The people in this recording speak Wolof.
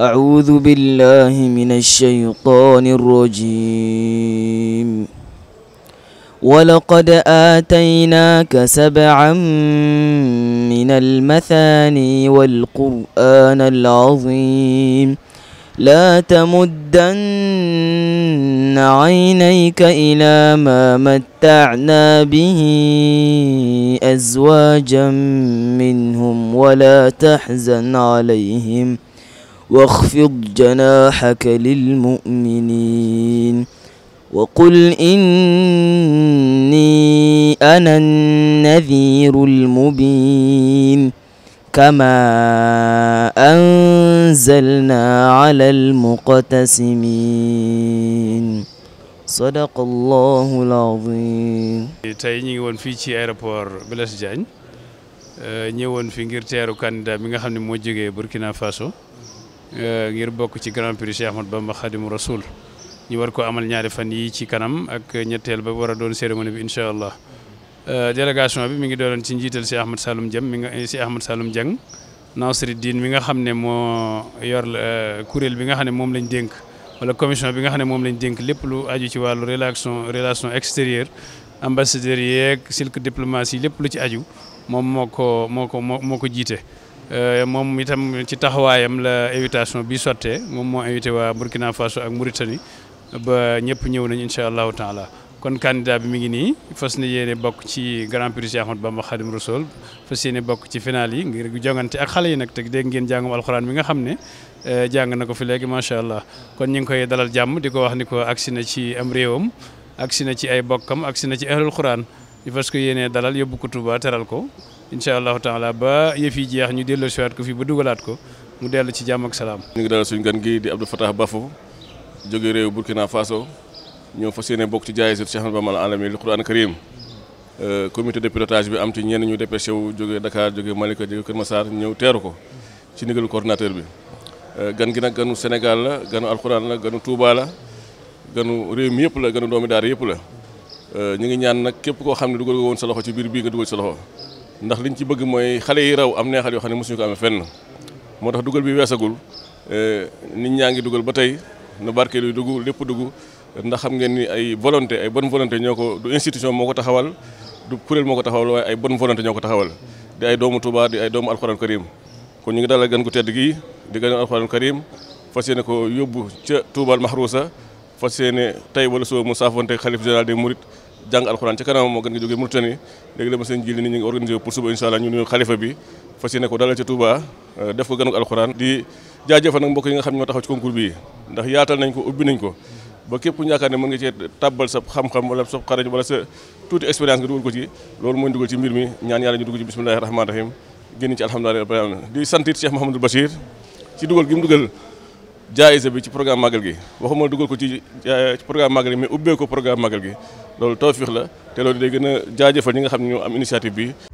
أعوذ بالله من الشيطان الرجيم ولقد آتيناك سبعا من المثاني والقرآن العظيم لا تمدن عينيك إلى ما متعنا به أزواجا منهم ولا تحزن عليهم ۖ واخفض جناحك للمؤمنين وقل إني أنا النذير المبين كما أنزلنا على المقتسمين صدق الله العظيم تايني وان في ايربور بلاس جان ني وان تيرو كاندا ميغا خا نني بوركينا فاسو Euh, ngir bokk ci grand prix Cheikh Ahmadou Bamba Khadimu Rasoul ñu war ko amal ñaari fan yi ci kanam ak ñetteel ba war a doon cérémonie bi incha allah euh, délégation bi mi ngi doon ci njiital si Ahmad Saloum Dieng mi nga si Ahmad Saloum Dieng Nasruddin mi nga xam ne moo yor euh, kuréel bi nga xam ne moom lañ dénk wala commission bi nga xam ne moom lañ dénk lépp lu aju ci wàllu relation relation extérieure ambassadeurs yeeg silk diplomatie lépp lu ci aju moom moo ko moo ko moo ko jiite. Eh, moom itam ci taxawaayam la invitation bi sotte moom moo invité waa burkina faso ak mauritanie ba ñëpp ñëw nañ incha taala kon candidat bi mi ngi ni fas na yéene ci grand prix jaxamat bamba xadim rasol fas yéene bokk ci final yi ngir jongante ak xale yi nag teg dégg ngeen jàngam alxuraan mi nga xam ne eh, jàng fi léegi macha allah kon ñu ngi koy dalal jàmm di ko wax ni ko agsi na ci am réewam agsi na ci ay bokkam agsi na ci ahlul xuraan ñu fas ko yéene dalal yóbbu ko teral ko inshallah taala ba yef yi jeex ñu delo ci wat ko fi bu dugulat ko mu delu ci jamm ak salam ñu ngi dal suñu gan gi di abdou fatah bafo joge rew burkina faso ñoo fasiyene bok ci jaay sur cheikh mohammed alami al qur'an karim euh comité de pilotage bi am ci ñen ñu dépêché wu joge dakar joge malika joge kër massar ñew téru ko ci nigel coordinateur bi euh, gan gi nak ganu senegal la ganu alquran la ganu touba la ganu rew mi yep la ganu domi dar yep la euh ñi ngi ñaan nak kep ko xamni dugul won sa loxo ci bir bi nga dugul sa loxo ndax liñ ci bëgg mooy xale yi raw am na neexal yoo xam ne mosuñu ko amee fenn moo tax dugal bi weesagul eh, nit ñaa ngi dugal ba tey na barke yu dugg lépp dugg ndax xam ngeen ni ay volonté ay bonne volonté ñoo ko du institution moo ko taxawal du kuréel moo ko taxawal waaye ay bonne volonté ñoo ko taxawal di ay doomu Touba di ay doomu alxuraan karim kon ñu ngi dalal gan gu tedd gii di gan alxuraan karim fa yéene ko yóbbu ca Touba al Mahrousa fas yéene tey wala suba mu saafonte xalif général des Mourides jàng alxuraan ci kanam moo gën nga jógee Mauritanie léegi dama seen jili ni ñu ngi organisé pour suba incha allah ñu nuyu xalifa bi fas yéene ko dalal ci Touba euh, def ko gënuk alxuraan di jaajëfal nag mbokk yi nga xam ne ñoo taxaw ci concours bi ndax yaatal nañ ko ubbi nañ ko ba képp ñu yaakaar ne mën nga cee tàbbal sa xam-xam wala sa xarañ wala sa tuuti expérience nga dugal ko ci loolu mooy dugal ci mbir mi ñaan yàlla ñu dugg ci bismillahi rahmani jaayise bi ci programme màggal gi waxuma dugal ko ci eh, ci programme màggal gi mais ubbee ko programme màggal gi loolu tawfiix la te loolu de gën a jaajëfal ñi nga xam ne ñoo am initiative bi